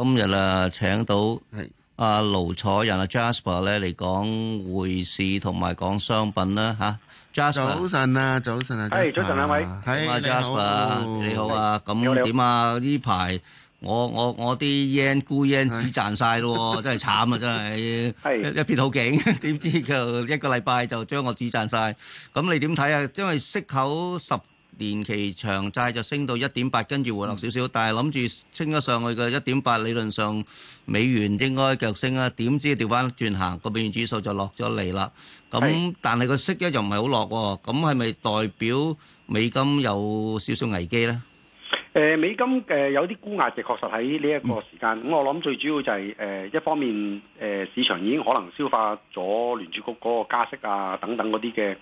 今日啊，請到阿盧楚仁阿 Jasper 咧嚟，講匯市同埋講商品啦嚇。Jasper 早晨啊，早晨啊，係早晨兩位。係啊，Jasper 你好啊，咁點啊？呢排我我我啲 yen 沽 yen 止賺曬咯，真係慘啊，真係一一片好景，點知就一個禮拜就將我止賺曬。咁你點睇啊？因為息口十。年期長債就升到一點八，跟住回落少少，但係諗住升咗上去嘅一點八，理論上美元應該急升啦，點知掉翻轉行，個美元指數就落咗嚟啦。咁是但係個息咧又唔係好落喎，咁係咪代表美金有少少危機咧？誒美金誒、呃、有啲沽壓，就確實喺呢一個時間。咁我諗最主要就係、是、誒、呃、一方面誒、呃、市場已經可能消化咗聯儲局嗰個加息啊等等嗰啲嘅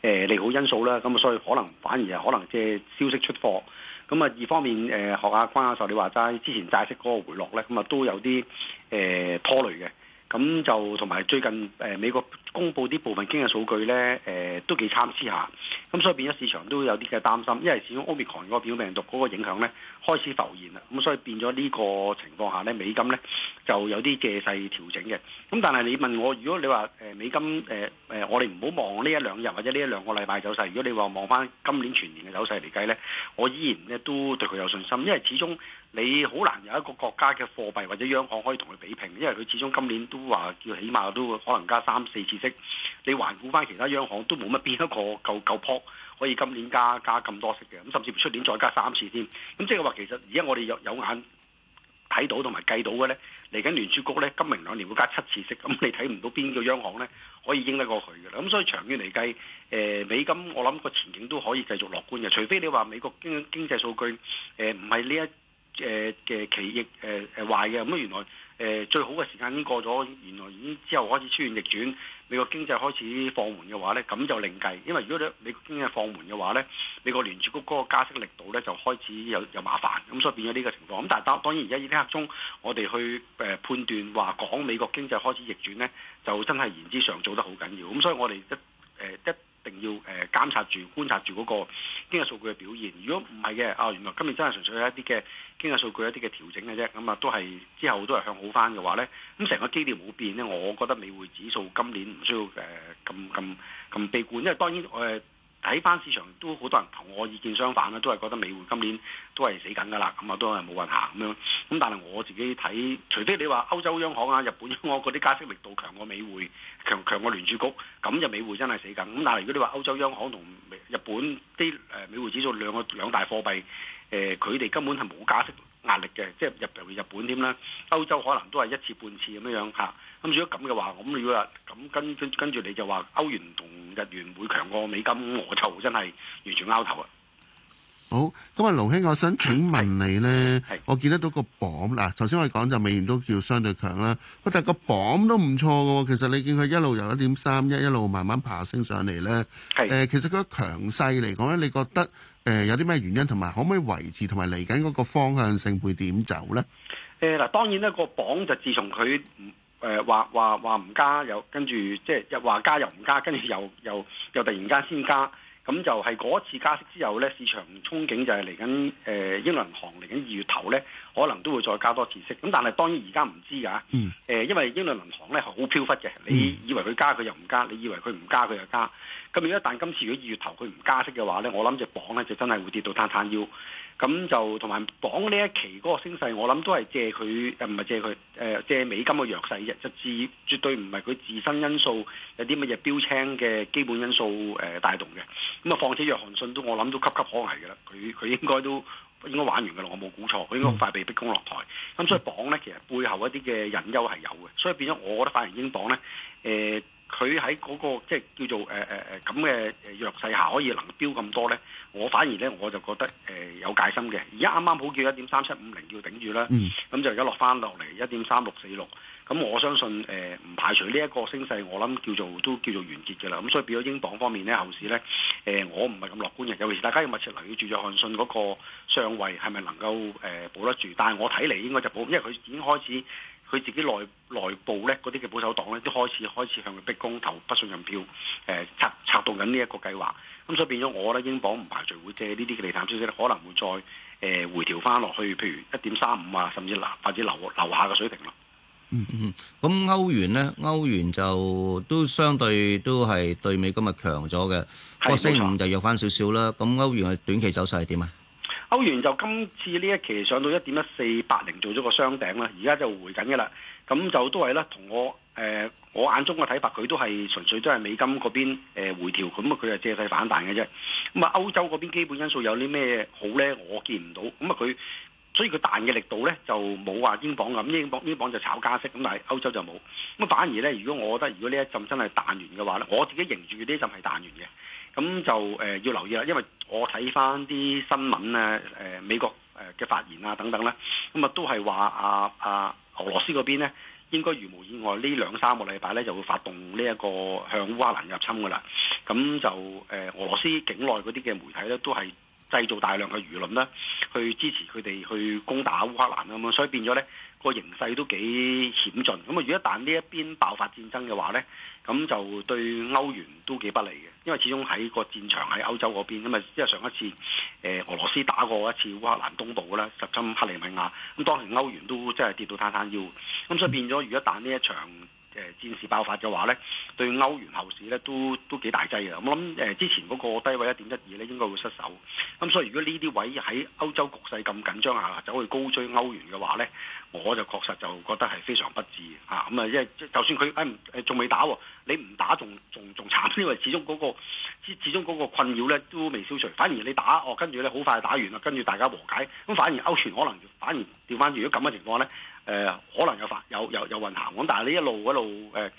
誒利好因素啦。咁所以可能反而係可能即係消息出貨。咁啊二方面誒、呃、學下關教授你話齋之前債息嗰個回落咧，咁啊都有啲誒、呃、拖累嘅。咁就同埋最近誒、呃、美國公布啲部分經濟數據咧，誒、呃、都幾參差下。咁、嗯、所以變咗市場都有啲嘅擔心，因為始終 Omicron 嗰個病毒嗰個影響咧開始浮現啦，咁、嗯、所以變咗呢個情況下咧，美金咧就有啲借勢調整嘅。咁、嗯、但係你問我，如果你話誒、呃、美金誒誒、呃，我哋唔好望呢一兩日或者呢一兩個禮拜走勢，如果你話望翻今年全年嘅走勢嚟計咧，我依然咧都對佢有信心，因為始終，你好難有一個國家嘅貨幣或者央行可以同佢比拼，因為佢始終今年都話叫起碼都可能加三四次息，你還估翻其他央行都冇乜變一過舊舊 p 可以今年加加咁多息嘅，咁甚至出年再加三次添，咁即係話其實而家我哋有有眼睇到同埋計到嘅呢，嚟緊聯儲局呢，今明兩年會加七次息，咁你睇唔到邊個央行呢可以應得過佢嘅啦，咁所以長遠嚟計，誒、呃、美金我諗個前景都可以繼續樂觀嘅，除非你話美國經經濟數據誒唔係呢一。誒嘅企翼誒誒壞嘅，咁原來誒、呃、最好嘅時間已經過咗，原來已經之後開始出現逆轉，美國經濟開始放緩嘅話咧，咁就另計，因為如果你美國經濟放緩嘅話咧，美國聯儲局嗰個加息力度咧就開始有有麻煩，咁、嗯、所以變咗呢個情況。咁但係當當然而家呢一刻鐘，我哋去誒判斷話講美國經濟開始逆轉咧，就真係言之尚早得好緊要。咁、嗯、所以我哋一誒一。呃一定要誒監察住、觀察住嗰個經濟數據嘅表現。如果唔係嘅，啊，原來今年真係純粹係一啲嘅經濟數據，一啲嘅調整嘅啫。咁啊，都係之後都係向好翻嘅話咧，咁成個基調冇變咧，我覺得美匯指數今年唔需要誒咁咁咁悲觀，因為當然誒。呃睇返市場都好多人同我意見相反啦，都係覺得美匯今年都係死緊㗎啦，咁啊都係冇運行咁樣。咁但係我自己睇，除非你話歐洲央行啊、日本央行嗰啲、啊、加息力度強過美匯，強強過聯儲局，咁就美匯真係死緊。咁但係如果你話歐洲央行同日本啲誒美匯指數兩個兩大貨幣，誒佢哋根本係冇加息壓力嘅，即係例如日本添啦，歐洲可能都係一次半次咁樣樣吓。咁如果咁嘅話，我咁你話咁跟跟跟住你就話歐元同日元會強過美金，我就真係完全拗頭啊！好咁啊，盧兄，我想請問你咧，我見得到個鎊嗱，頭先我講就美元都叫相對強啦，但係個鎊都唔錯㗎喎。其實你見佢一路由一點三一一路慢慢爬升上嚟咧。係誒，其實佢個強勢嚟講咧，你覺得誒有啲咩原因同埋可唔可以維持，同埋嚟緊嗰個方向性會點走咧？誒嗱，當然咧個鎊就自從佢。誒話話話唔加，又跟住即係又話加又唔加，跟住又又又突然間先加，咁就係嗰次加息之後呢，市場憧憬就係嚟緊誒英倫銀行嚟緊二月頭呢，可能都會再加多次息。咁但係當然而家唔知㗎。誒、嗯，因為英倫銀行呢係好飄忽嘅，你以為佢加佢又唔加，你以為佢唔加佢又加。咁如果一旦今次如果二月頭佢唔加息嘅話呢，我諗隻鎊呢就真係會跌到攤攤腰。咁就同埋鎊呢一期嗰個升勢，我諗都係借佢，誒唔係借佢，誒、呃、借美金嘅弱勢啫，就自絕對唔係佢自身因素有啲乜嘢標青嘅基本因素誒帶、呃、動嘅。咁啊，況且約翰遜都我諗都岌岌可危嘅啦，佢佢應該都應該玩完嘅啦，我冇估錯，佢應該快被逼宮落台。咁、嗯、所以鎊咧，其實背後一啲嘅隱憂係有嘅，所以變咗我覺得反而英鎊咧，誒、呃。佢喺嗰個即係叫做誒誒誒咁嘅弱勢下可以能飆咁多呢，我反而呢我就覺得誒、呃、有戒心嘅。而家啱啱好叫一點三七五零叫頂住啦，咁就而家落翻落嚟一點三六四六。咁我相信誒唔、呃、排除呢一個升勢，我諗叫做都叫做完結嘅啦。咁、嗯、所以變咗英鎊方面呢，後市呢，誒、呃，我唔係咁樂觀嘅。尤其是大家要密切留意住約翰遜嗰個上位係咪能夠誒、呃、保得住，但係我睇嚟應該就保，因為佢已經開始。佢自己內內部咧，嗰啲嘅保守黨咧，都開始開始向佢逼供投不信任票，誒、呃，策策動緊呢一個計劃。咁、嗯、所以變咗我得英鎊唔排除會借呢啲嘅利淡消息咧，可能會再誒、呃、回調翻落去，譬如一點三五啊，甚至嗱，甚至留留下嘅水平咯、嗯。嗯嗯，咁歐元咧，歐元就都相對都係對美今日強咗嘅，不過升五錯就弱翻少少啦。咁歐元嘅短期走勢係點啊？歐元就今次呢一期上到一點一四八零做咗個雙頂啦，而家就回緊嘅啦。咁就都係啦，同我誒我眼中嘅睇法，佢都係純粹都係美金嗰邊、呃、回調，咁啊佢係借勢反彈嘅啫。咁、嗯、啊歐洲嗰邊基本因素有啲咩好咧？我見唔到。咁啊佢所以佢彈嘅力度咧就冇話英鎊咁，英鎊英鎊就炒加息，咁但係歐洲就冇。咁、嗯、反而咧，如果我覺得如果呢一陣真係彈完嘅話咧，我自己認住呢一陣係彈完嘅。咁就誒、呃、要留意啦，因為。我睇翻啲新聞咧，誒、呃、美國誒嘅發言啊等等啦，咁啊都係話啊啊俄羅斯嗰邊咧應該如無意外呢兩三個禮拜咧就會發動呢一個向烏克蘭入侵嘅啦。咁就誒、呃、俄羅斯境內嗰啲嘅媒體咧都係製造大量嘅輿論啦，去支持佢哋去攻打烏克蘭啊咁啊，所以變咗呢個形勢都幾險峻。咁啊，如果一旦呢一邊爆發戰爭嘅話呢，咁就對歐元都幾不利嘅。因為始終喺個戰場喺歐洲嗰邊，咁啊，因為上一次，誒、呃，俄羅斯打過一次烏克蘭東部啦，入侵克里米亞，咁、嗯、當時歐元都即係跌到攤攤腰，咁、嗯、所以變咗，如果打呢一場。誒戰事爆發嘅話咧，對歐元後市咧都都幾大劑嘅。我諗誒之前嗰個低位一點一二咧，應該會失手。咁所以如果呢啲位喺歐洲局勢咁緊張下，走去高追歐元嘅話咧，我就確實就覺得係非常不智嚇。咁啊，因為就算佢誒仲未打，你唔打仲仲仲慘，因為始終嗰個始始終嗰個困擾咧都未消除。反而你打，哦跟住咧好快打完啦，跟住大家和解。咁反而歐元可能反而調翻轉。如果咁嘅情況咧。誒可能有發有有有運行咁，但係呢一路一路誒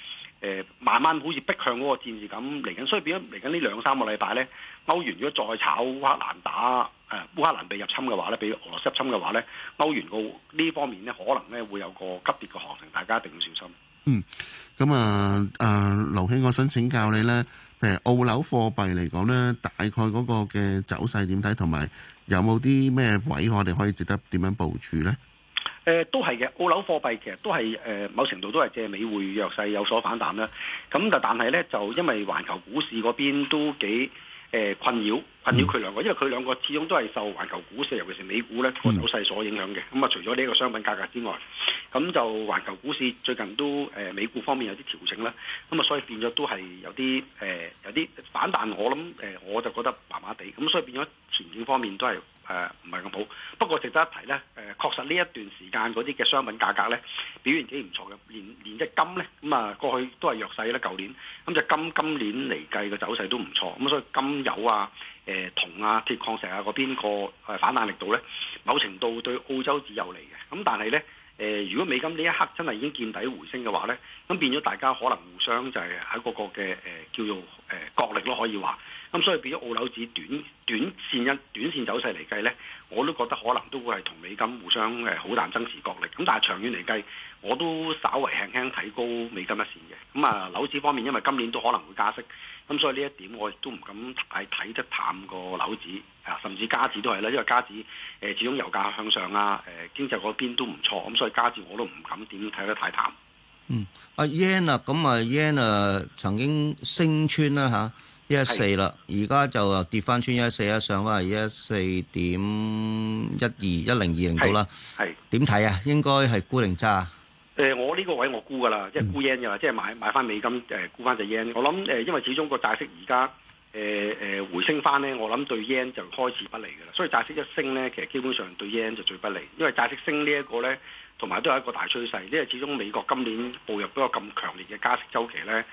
誒，慢慢好似逼向嗰個戰事咁嚟緊，所以變咗嚟緊呢兩三個禮拜咧，歐元如果再炒烏克蘭打，誒烏克蘭被入侵嘅話咧，被俄羅斯入侵嘅話咧，歐元個呢方面咧，可能咧會有個急跌嘅行情，大家一定要小心。嗯，咁啊啊，盧兄，我想請教你咧，譬如澳紐貨幣嚟講咧，大概嗰個嘅走勢點睇，同埋有冇啲咩位我哋可以值得點樣部署咧？誒、呃、都係嘅，澳樓貨幣其實都係誒、呃、某程度都係借美匯弱勢有所反彈啦。咁但係咧就因為環球股市嗰邊都幾誒、呃、困擾，困擾佢兩個，因為佢兩個始終都係受環球股市，尤其是美股咧個走勢所影響嘅。咁、嗯、啊，除咗呢個商品價格之外，咁就環球股市最近都誒、呃、美股方面有啲調整啦。咁啊，所以變咗都係有啲誒、呃、有啲反彈。我諗誒、呃、我就覺得麻麻地，咁、啊、所以變咗前景方面都係。誒唔係咁好，不過值得一提呢，誒、呃、確實呢一段時間嗰啲嘅商品價格呢表現幾唔錯嘅，連連隻金呢，咁啊過去都係弱勢啦，舊年咁就金今年嚟計個走勢都唔錯，咁所以金油啊、誒、呃、銅啊、鐵礦石啊嗰邊個反彈力度呢，某程度對澳洲資有利嘅，咁但係呢。誒、呃，如果美金呢一刻真係已經見底回升嘅話呢，咁變咗大家可能互相就係喺個個嘅誒叫做，誒角、呃、力咯，可以話。咁所以變咗澳樓指短短線一短線走勢嚟計呢，我都覺得可能都會係同美金互相誒，好難爭持角力。咁但係長遠嚟計，我都稍為輕輕睇高美金一線嘅。咁啊，樓市方面，因為今年都可能會加息。咁所以呢一點，我亦都唔敢太睇得淡個樓紙啊，甚至家紙都係啦，因為家紙誒始終油價向上啊，誒經濟嗰邊都唔錯，咁所以家紙我都唔敢點睇得太淡。嗯，阿 Yen 啊，咁啊 Yen 啊，曾經升穿啦嚇一四啦，而家就跌翻穿一四一，上翻係一四點一二一零二零度啦，係點睇啊？應該係沽定揸。誒、呃，我呢個位我沽噶啦，即係沽 yen 噶啦，即係買買翻美金誒，沽翻隻 yen。我諗誒，因為始終個債息而家誒誒回升翻咧，我諗對 yen 就開始不利噶啦。所以債息一升咧，其實基本上對 yen 就最不利，因為債息升呢一個咧，同埋都有一個大趨勢，因為始終美國今年步入咗個咁強烈嘅加息周期咧，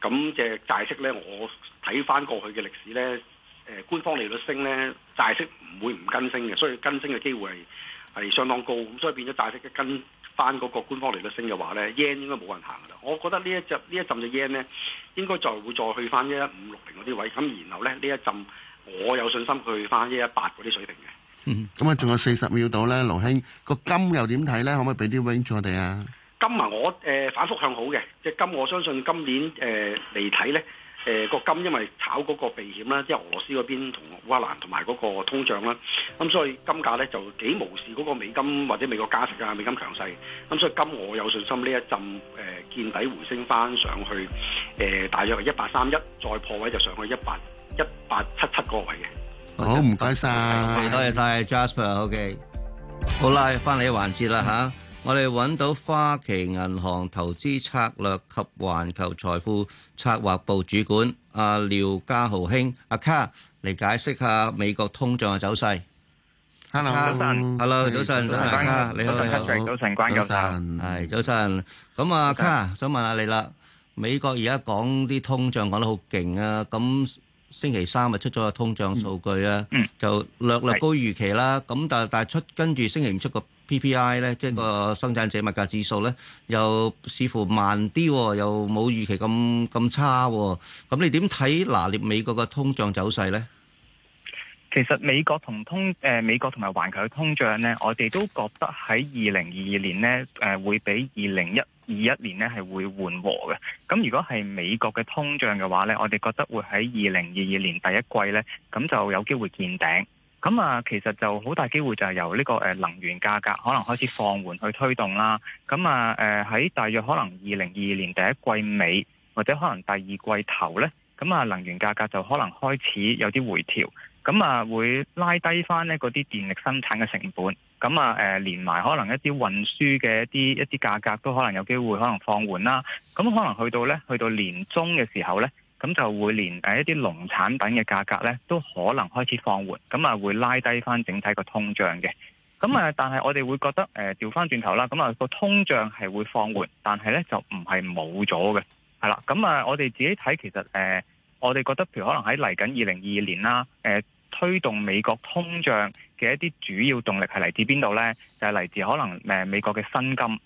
咁嘅債息咧，我睇翻過去嘅歷史咧，誒、呃、官方利率升咧，債息唔會唔跟升嘅，所以跟升嘅機會係係相當高，咁所以變咗債息一跟翻嗰個官方利率升嘅話咧，yen 應該冇人行嘅啦。我覺得一一呢一陣呢一陣嘅 yen 咧，應該再會再去翻一一五六零嗰啲位，咁然後咧呢一陣我有信心去翻一一八嗰啲水平嘅、嗯。嗯，咁啊仲有四十秒到咧，盧兄個金又點睇咧？可唔可以俾啲 range 助我哋啊？金啊，我誒、呃、反覆向好嘅，即係金，我相信今年誒嚟睇咧。呃誒個金因為炒嗰個避險啦，即係俄羅斯嗰邊同烏克蘭同埋嗰個通脹啦，咁、嗯、所以金價咧就幾無視嗰個美金或者美國加息啊，美金強勢，咁、嗯、所以金我有信心呢一陣誒見底回升翻上去，誒、呃、大約係一八三一再破位就上去一八一八七七個位嘅。好唔該晒，多謝晒 Jasper，okay. 好嘅，好啦，翻嚟環節啦嚇。啊我哋揾到花旗銀行投資策略及環球財富策劃部主管阿廖嘉豪兄阿卡嚟解釋下美國通脹嘅走勢。Hello 早晨，Hello 早晨，早晨，你好，早晨，早晨，關教授，係早晨。咁啊，卡想問下你啦，美國而家講啲通脹講得好勁啊，咁星期三咪出咗個通脹數據啊，就略略高預期啦，咁但係但係出跟住星期五出個。PPI 咧，即係個生產者物價指數咧，又似乎慢啲，又冇預期咁咁差。咁你點睇拿捏美國嘅通脹走勢咧？其實美國同通誒美國同埋環球嘅通脹咧，我哋都覺得喺二零二二年咧，誒會比二零一二一年咧係會緩和嘅。咁如果係美國嘅通脹嘅話咧，我哋覺得會喺二零二二年第一季咧，咁就有機會見頂。咁啊，其實就好大機會就係由呢個誒能源價格可能開始放緩去推動啦。咁啊，誒喺大約可能二零二二年第一季尾或者可能第二季頭呢，咁啊能源價格就可能開始有啲回調。咁啊會拉低翻呢嗰啲電力生產嘅成本。咁啊誒連埋可能一啲運輸嘅一啲一啲價格都可能有機會可能放緩啦。咁可能去到呢，去到年中嘅時候呢。咁就會連誒一啲農產品嘅價格呢，都可能開始放緩，咁啊會拉低翻整體個通脹嘅。咁啊，但係我哋會覺得誒調翻轉頭啦，咁啊個通脹係會放緩，但係呢就唔係冇咗嘅，係啦。咁啊、呃，我哋自己睇其實誒，我哋覺得譬如可能喺嚟緊二零二二年啦，誒、呃、推動美國通脹嘅一啲主要動力係嚟自邊度呢？就係、是、嚟自可能誒美國嘅薪金。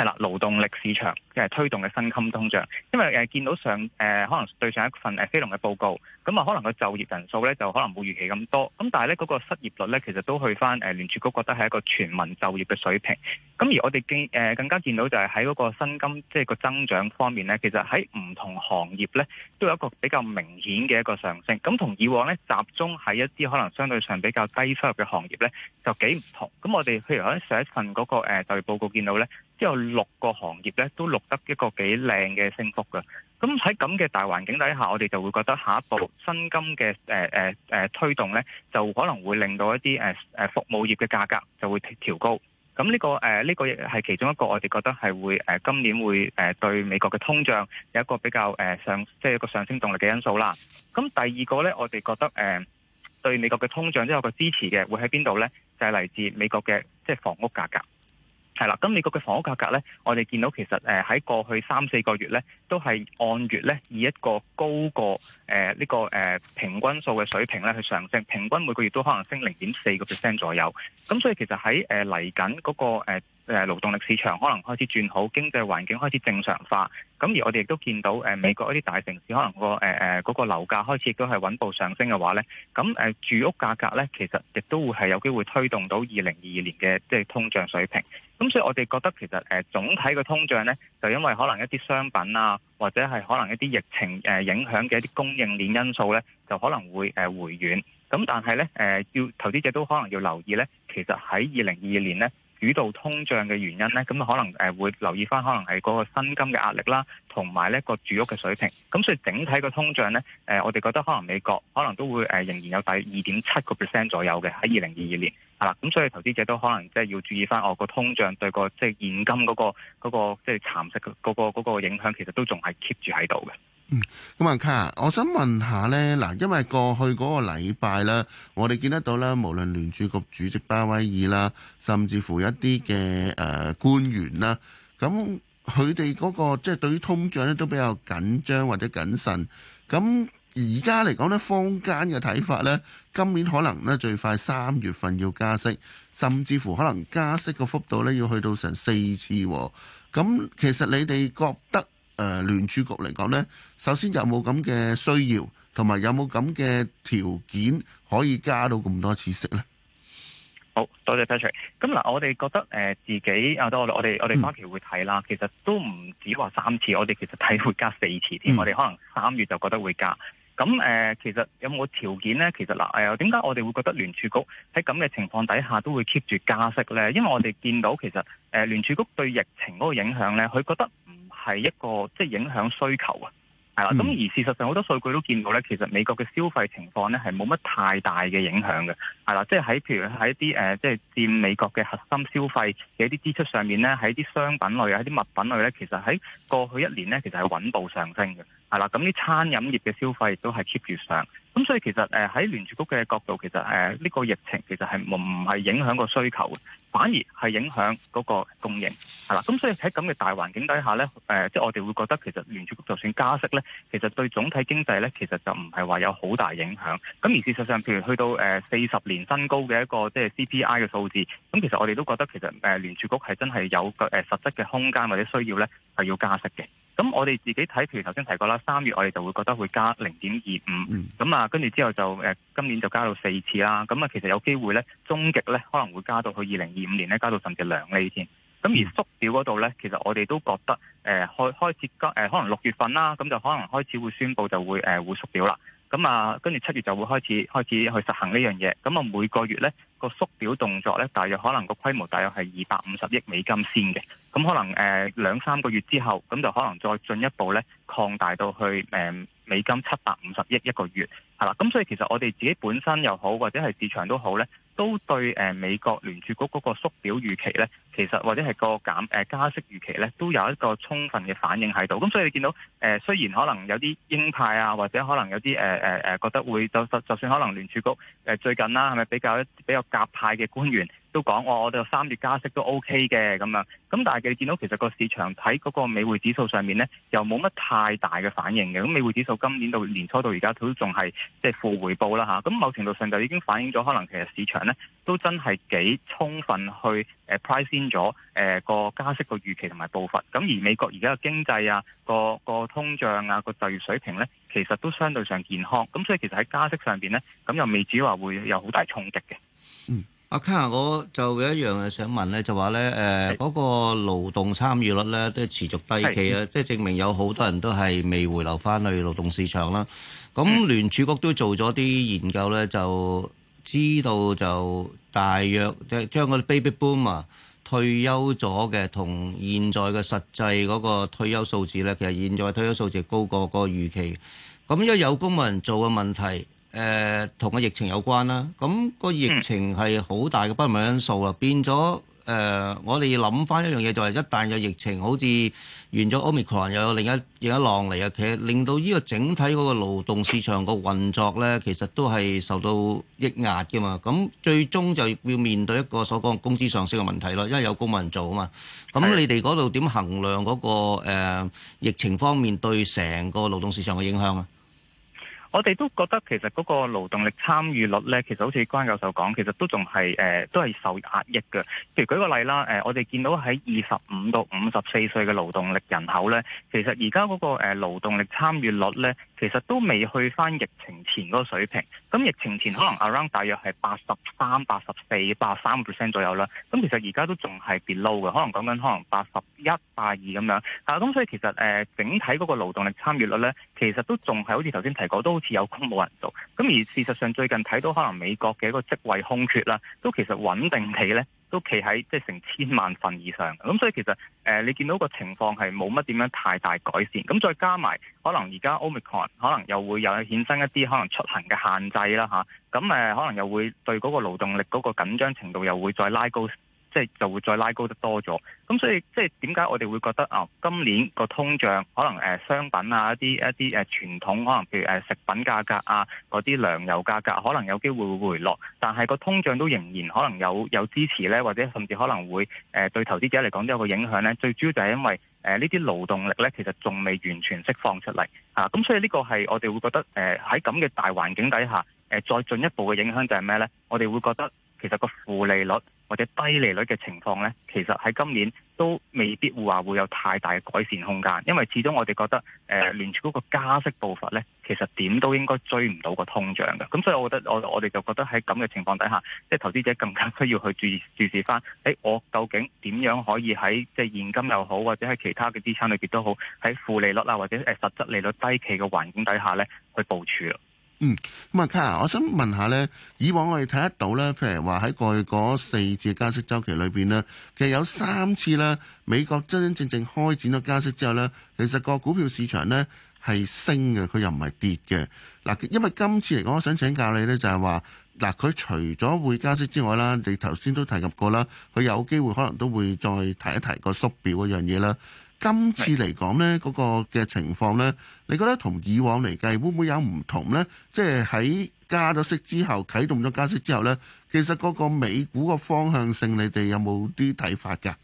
係啦，勞動力市場嘅推動嘅薪金通脹，因為誒見到上誒、呃、可能對上一份誒非農嘅報告，咁、嗯、啊可能個就業人數咧就可能冇預期咁多，咁但係咧嗰個失業率咧其實都去翻誒聯儲局覺得係一個全民就業嘅水平，咁而我哋見誒更加見到就係喺嗰個薪金即係、就是、個增長方面咧，其實喺唔同行業咧都有一個比較明顯嘅一個上升，咁同以往咧集中喺一啲可能相對上比較低收入嘅行業咧就幾唔同，咁我哋譬如喺上一份嗰、那個就業報告見到咧。呃呃之後六個行業咧都錄得一個幾靚嘅升幅嘅，咁喺咁嘅大環境底下，我哋就會覺得下一步薪金嘅誒誒誒推動咧，就可能會令到一啲誒誒服務業嘅價格就會調高。咁呢個誒呢個係其中一個我哋覺得係會誒今年會誒對美國嘅通脹有一個比較誒上，即係一個上升動力嘅因素啦。咁第二個咧，我哋覺得誒對美國嘅通脹都有個支持嘅，會喺邊度咧？就係嚟自美國嘅即係房屋價格。係啦，咁美國嘅房屋價格，格呢，我哋見到其實誒喺、呃、過去三四個月呢，都係按月呢以一個高過誒呢、呃這個誒、呃、平均數嘅水平呢去上升，平均每個月都可能升零點四個 percent 左右。咁所以其實喺誒嚟緊嗰個、呃誒勞動力市場可能開始轉好，經濟環境開始正常化。咁而我哋亦都見到誒、呃、美國一啲大城市可能、那個誒誒嗰個樓價開始都係穩步上升嘅話咧，咁誒、呃、住屋價格咧其實亦都會係有機會推動到二零二二年嘅即係通脹水平。咁所以我哋覺得其實誒、呃、總體嘅通脹咧，就因為可能一啲商品啊，或者係可能一啲疫情誒影響嘅一啲供應鏈因素咧，就可能會誒回軟。咁但係咧誒要投資者都可能要留意咧，其實喺二零二二年咧，主導通脹嘅原因呢，咁啊可能誒會留意返，可能係嗰個薪金嘅壓力啦，同埋呢個住屋嘅水平。咁所以整體嘅通脹呢，誒我哋覺得可能美國可能都會誒仍然有大概二點七個 percent 左右嘅喺二零二二年，係啦。咁所以投資者都可能即係要注意返，我、哦、個通脹對、嗰個即係、即係、現金嗰、嗰個即係蠶食嗰個嗰、即係嗰個嗰個影響，其實都仲係 keep 住喺度嘅。咁啊、嗯、卡，我想問下呢，嗱，因為過去嗰個禮拜咧，我哋見得到咧，無論聯儲局主席巴威爾啦，甚至乎一啲嘅誒官員啦，咁佢哋嗰個即係對於通脹咧都比較緊張或者謹慎。咁而家嚟講呢，坊間嘅睇法呢，今年可能呢，最快三月份要加息，甚至乎可能加息嘅幅度呢，要去到成四次。咁其實你哋覺得？誒，聯儲、呃、局嚟講咧，首先有冇咁嘅需要，同埋有冇咁嘅條件可以加到咁多次息咧？好多謝 Patrick。咁嗱，我哋覺得誒、呃，自己啊，都、呃、我我哋我哋翻期會睇啦。嗯、其實都唔止話三次，我哋其實睇會加四次添。嗯、我哋可能三月就覺得會加。咁誒、呃，其實有冇條件咧？其實嗱，誒、呃，點解我哋會覺得聯儲局喺咁嘅情況底下都會 keep 住加息咧？因為我哋見到其實誒、呃，聯儲局對疫情嗰個影響咧，佢覺得。係一個即係、就是、影響需求啊，係啦，咁而事實上好多數據都見到咧，其實美國嘅消費情況咧係冇乜太大嘅影響嘅，係啦，即係喺譬如喺啲誒即係佔美國嘅核心消費嘅一啲支出上面咧，喺啲商品類啊，喺啲物品類咧，其實喺過去一年咧，其實係穩步上升嘅。係啦，咁啲、嗯、餐飲業嘅消費亦都係 keep 住上，咁、嗯、所以其實誒喺、呃、聯儲局嘅角度，其實誒呢、呃這個疫情其實係唔係影響個需求，反而係影響嗰個供應，係、嗯、啦，咁、嗯、所以喺咁嘅大環境底下咧，誒、呃、即係我哋會覺得其實聯儲局就算加息咧，其實對總體經濟咧其實就唔係話有好大影響，咁、嗯、而事實上，譬如去到誒四十年新高嘅一個即係 CPI 嘅數字，咁、嗯、其實我哋都覺得其實誒、呃、聯儲局係真係有個誒、呃、實質嘅空間或者需要咧係要加息嘅。咁我哋自己睇，譬如頭先提過啦，三月我哋就會覺得會加零點二五，咁啊跟住之後就誒今年就加到四次啦。咁啊其實有機會呢，終極呢可能會加到去二零二五年呢，加到甚至兩厘先。咁而縮表嗰度呢，其實我哋都覺得誒開、呃、開始加誒、呃，可能六月份啦，咁就可能開始會宣布就會誒、呃、會縮表啦。咁啊，跟住七月就會開始開始去實行呢樣嘢。咁、嗯、啊，每個月呢、呢個縮表動作呢，大約可能個規模大約係二百五十億美金先嘅。咁、嗯、可能誒兩三個月之後，咁就可能再進一步呢擴大到去誒，呃美金七百五十億一個月，係啦，咁所以其實我哋自己本身又好，或者係市場都好呢都對誒美國聯儲局嗰個縮表預期呢，其實或者係個減誒加息預期呢，都有一個充分嘅反應喺度。咁所以你見到誒、呃，雖然可能有啲鷹派啊，或者可能有啲誒誒誒覺得會就就算可能聯儲局誒、呃、最近啦、啊，係咪比較比較鴿派嘅官員？都講、哦、我哋哋三月加息都 OK 嘅咁樣，咁但係你見到其實個市場喺嗰個美匯指數上面呢，又冇乜太大嘅反應嘅。咁美匯指數今年到年初到而家都仲係即係負回報啦嚇。咁、啊、某程度上就已經反映咗，可能其實市場呢都真係幾充分去誒 pricing 咗誒個、呃、加息個預期同埋步伐。咁而美國而家嘅經濟啊，個個通脹啊，個就業水平呢，其實都相對上健康。咁所以其實喺加息上邊呢，咁又未至於話會有好大衝擊嘅。嗯。阿卡，我就有一樣嘢想問咧，就話咧，誒、呃、嗰是個勞動參與率咧都係持續低企啊，即係是證明有好多人都係未回流返去勞動市場啦。咁聯儲局都做咗啲研究咧，就知道就大約即係將嗰啲 baby boom 啊、er、退休咗嘅同現在嘅實際嗰個退休數字咧，其實現在退休數字高過個預期。咁一有工冇人做嘅問題。誒同個疫情有關啦，咁、嗯、個疫情係好大嘅不明因素啊，變咗誒、呃，我哋諗翻一樣嘢就係，一旦有疫情，好似完咗 Omicron 又有另一另一浪嚟啊，其實令到呢個整體嗰個勞動市場個運作咧，其實都係受到抑壓嘅嘛。咁最終就要面對一個所講工資上升嘅問題咯，因為有工人做啊嘛。咁你哋嗰度點衡量嗰、那個、呃、疫情方面對成個勞動市場嘅影響啊？我哋都覺得其實嗰個勞動力參與率呢，其實好似關教授講，其實都仲係誒，都係受壓抑嘅。譬如舉個例啦，誒、呃，我哋見到喺二十五到五十四歲嘅勞動力人口呢，其實而家嗰個誒勞動力參與率呢，其實都未去翻疫情前嗰個水平。咁、嗯、疫情前可能 around 大約係八十三、八十四、八十三個 percent 左右啦。咁、嗯嗯、其實而家都仲係 below 嘅，可能講緊可能八十一、八二咁樣。啊、嗯，咁、嗯、所以其實誒、呃、整體嗰個勞動力參與率呢，其實都仲係好似頭先提過都。似有工冇人做，咁而事實上最近睇到可能美國嘅一個職位空缺啦、啊，都其實穩定起呢，都企喺即係成千萬份以上。咁所以其實誒、呃，你見到個情況係冇乜點樣太大改善。咁再加埋可能而家 Omicron 可能又會有衍生一啲可能出行嘅限制啦、啊、吓，咁、啊、誒可能又會對嗰個勞動力嗰個緊張程度又會再拉高。即係就，就會再拉高得多咗，咁所以即係點解我哋會覺得啊、呃，今年個通脹可能誒、呃、商品啊一啲一啲誒傳統可能譬如誒食品價格啊嗰啲糧油價格可能有機會，會回落，但係個通脹都仍然可能有有支持咧，或者甚至可能會誒、呃、對投資者嚟講都有個影響咧。最主要就係因為誒呢啲勞動力咧其實仲未完全釋放出嚟啊，咁、啊、所以呢個係我哋會覺得誒喺咁嘅大環境底下誒、呃、再進一步嘅影響就係咩咧？我哋會覺得。其實個負利率或者低利率嘅情況呢，其實喺今年都未必會話會有太大嘅改善空間，因為始終我哋覺得誒，聯儲嗰個加息步伐呢，其實點都應該追唔到個通脹嘅。咁所以我覺得我我哋就覺得喺咁嘅情況底下，即係投資者更加需要去注意、注視翻誒、欸，我究竟點樣可以喺即係現金又好或者喺其他嘅資產裏邊都好，喺負利率啊或者誒實質利率低企嘅環境底下呢，去部署。嗯，咁啊 Carla 我想問下呢，以往我哋睇得到呢，譬如話喺過去嗰四次加息週期裏邊呢，其實有三次呢，美國真真正正開展咗加息之後呢，其實個股票市場呢係升嘅，佢又唔係跌嘅。嗱，因為今次嚟講，我想請教你呢，就係話，嗱，佢除咗會加息之外啦，你頭先都提及過啦，佢有機會可能都會再提一提一個縮表嗰樣嘢啦。今次嚟講呢嗰個嘅情況呢，你覺得同以往嚟計會唔會有唔同呢？即係喺加咗息之後，啟動咗加息之後呢，其實嗰個美股嘅方向性，你哋有冇啲睇法㗎？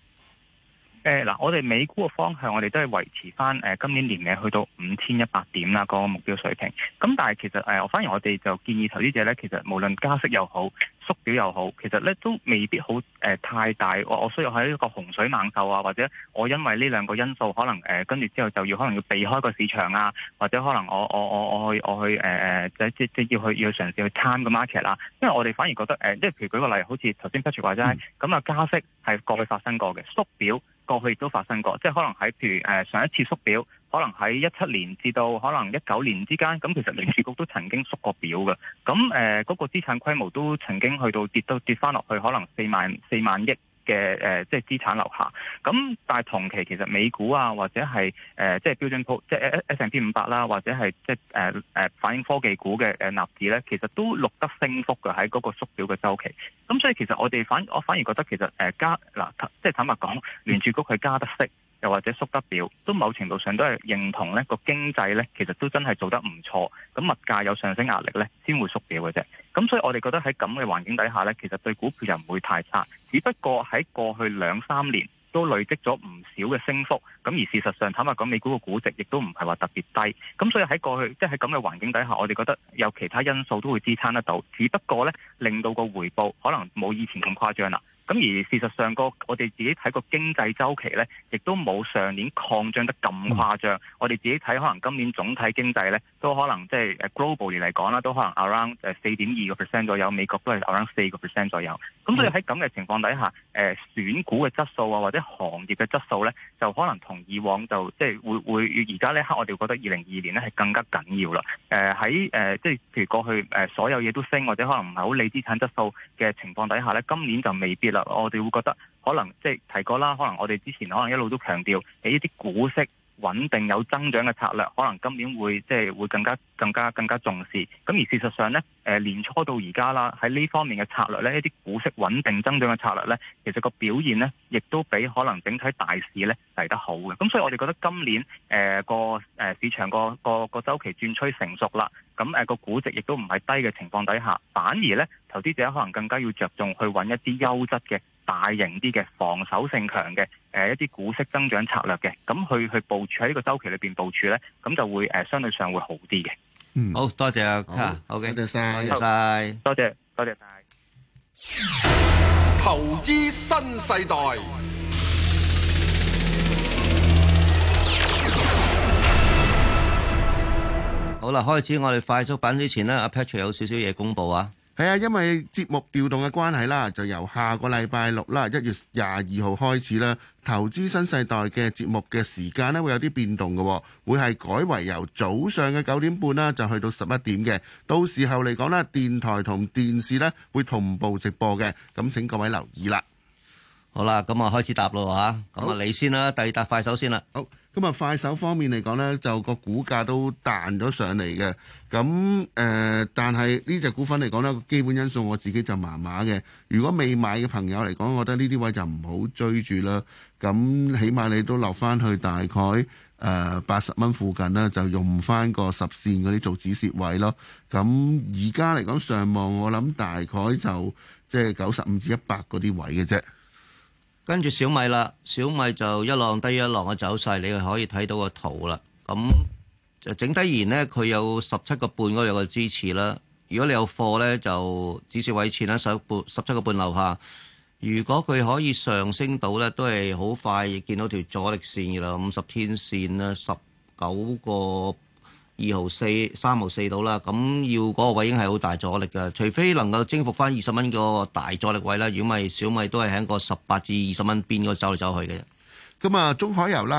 嗱、呃，我哋美股嘅方向，我哋都係維持返今年年尾去到五千一百點啦，嗰個目標水平。咁但係其實誒，我、呃、反而我哋就建議投資者呢，其實無論加息又好。縮表又好，其實咧都未必好誒、呃、太大。我我需要喺一個洪水猛獸啊，或者我因為呢兩個因素，可能誒跟住之後就要可能要避開個市場啊，或者可能我我我我去我去誒誒，即即即要去要嘗試去 time 個 market 啦。因為我哋反而覺得誒，即、呃、係譬如舉個例，好似頭先 Patrick 話齋咁啊，加息係過去發生過嘅，縮表過去亦都發生過，即係可能喺譬如誒、呃、上一次縮表。可能喺一七年至到可能一九年之間，咁其實聯儲局都曾經縮過表嘅，咁誒嗰個資產規模都曾經去到跌到跌翻落去，可能四萬四萬億嘅誒，即係資產樓下。咁但係同期其實美股啊，或者係誒即係標準普即係 S&P 五百啦，或者係即係誒誒反映科技股嘅誒納指咧，其實都錄得升幅嘅喺嗰個縮表嘅週期。咁所以其實我哋反我反而覺得其實誒加嗱即係坦白講，聯儲局係加得息。又或者縮得表，都某程度上都係認同呢個經濟呢，其實都真係做得唔錯。咁物價有上升壓力呢，先會縮表嘅啫。咁所以我哋覺得喺咁嘅環境底下呢，其實對股票又唔會太差。只不過喺過去兩三年都累積咗唔少嘅升幅。咁而事實上，坦白講，美股嘅估值亦都唔係話特別低。咁所以喺過去即係喺咁嘅環境底下，我哋覺得有其他因素都會支撐得到。只不過呢，令到個回報可能冇以前咁誇張啦。咁而事實上，個我哋自己睇個經濟周期呢，亦都冇上年擴張得咁誇張。我哋自己睇可能今年總體經濟呢，都可能即係、就是、global 嚟講啦，都可能 around 誒四點二個 percent 左右，美國都係 around 四個 percent 左右。咁所以喺咁嘅情況底下，誒選股嘅質素啊，或者行業嘅質素呢，就可能同以往就即係會會，而家呢刻，我哋覺得二零二二年呢係更加緊要啦。誒喺誒即係譬如過去誒、呃、所有嘢都升，或者可能唔係好理資產質素嘅情況底下呢，今年就未必。我哋會覺得可能即係提過啦，可能我哋之前可能一路都強調喺呢啲股息，穩定有增長嘅策略，可能今年會即係會更加更加更加重視。咁而事實上呢，誒、呃、年初到而家啦，喺呢方面嘅策略呢，一啲股息穩定增長嘅策略呢，其實個表現呢，亦都比可能整體大市呢嚟得好嘅。咁所以我哋覺得今年誒、呃、個誒市場個個個週期轉趨成熟啦，咁、啊、誒個估值亦都唔係低嘅情況底下，反而呢投資者可能更加要着重去揾一啲優質嘅。大型啲嘅防守性強嘅誒一啲股息增長策略嘅，咁去去部署喺呢個週期裏邊部署咧，咁就會誒相對上會好啲嘅。嗯，好多謝啊卡，OK，多謝曬，多謝曬，多謝，多謝曬。投資新世代。好啦，開始我哋快速版之前咧，阿 Patrick 有少少嘢公布啊。係啊，因為節目調動嘅關係啦，就由下個禮拜六啦，一月廿二號開始啦，投資新世代嘅節目嘅時間呢，會有啲變動嘅，會係改為由早上嘅九點半啦，就去到十一點嘅。到時候嚟講呢，電台同電視呢會同步直播嘅，咁請各位留意啦。好啦，咁啊開始答啦吓，咁啊你先啦，第二答快手先啦。好咁啊，快手方面嚟講咧，就個股價都彈咗上嚟嘅。咁誒，但係呢隻股份嚟講咧，基本因素我自己就麻麻嘅。如果未買嘅朋友嚟講，我覺得呢啲位就唔好追住啦。咁起碼你都落翻去大概誒八十蚊附近啦，就用翻個十線嗰啲做止蝕位咯。咁而家嚟講上望，我諗大概就即係九十五至一百嗰啲位嘅啫。跟住小米啦，小米就一浪低一浪嘅走勢，你就可以睇到個圖啦。咁就整體而言呢，佢有十七個半嗰度嘅支持啦。如果你有貨呢，就只是維持啦，十半十七個半樓下。如果佢可以上升到呢，都係好快，見到條阻力線㗎啦，五十天線啦，十九個。二毫四、三毫四到啦，咁要個位已經係好大阻力嘅，除非能夠征服翻二十蚊個大阻力位啦。如果唔係小米都係響個十八至二十蚊邊嗰度走嚟走去嘅啫，咁啊，中海油啦。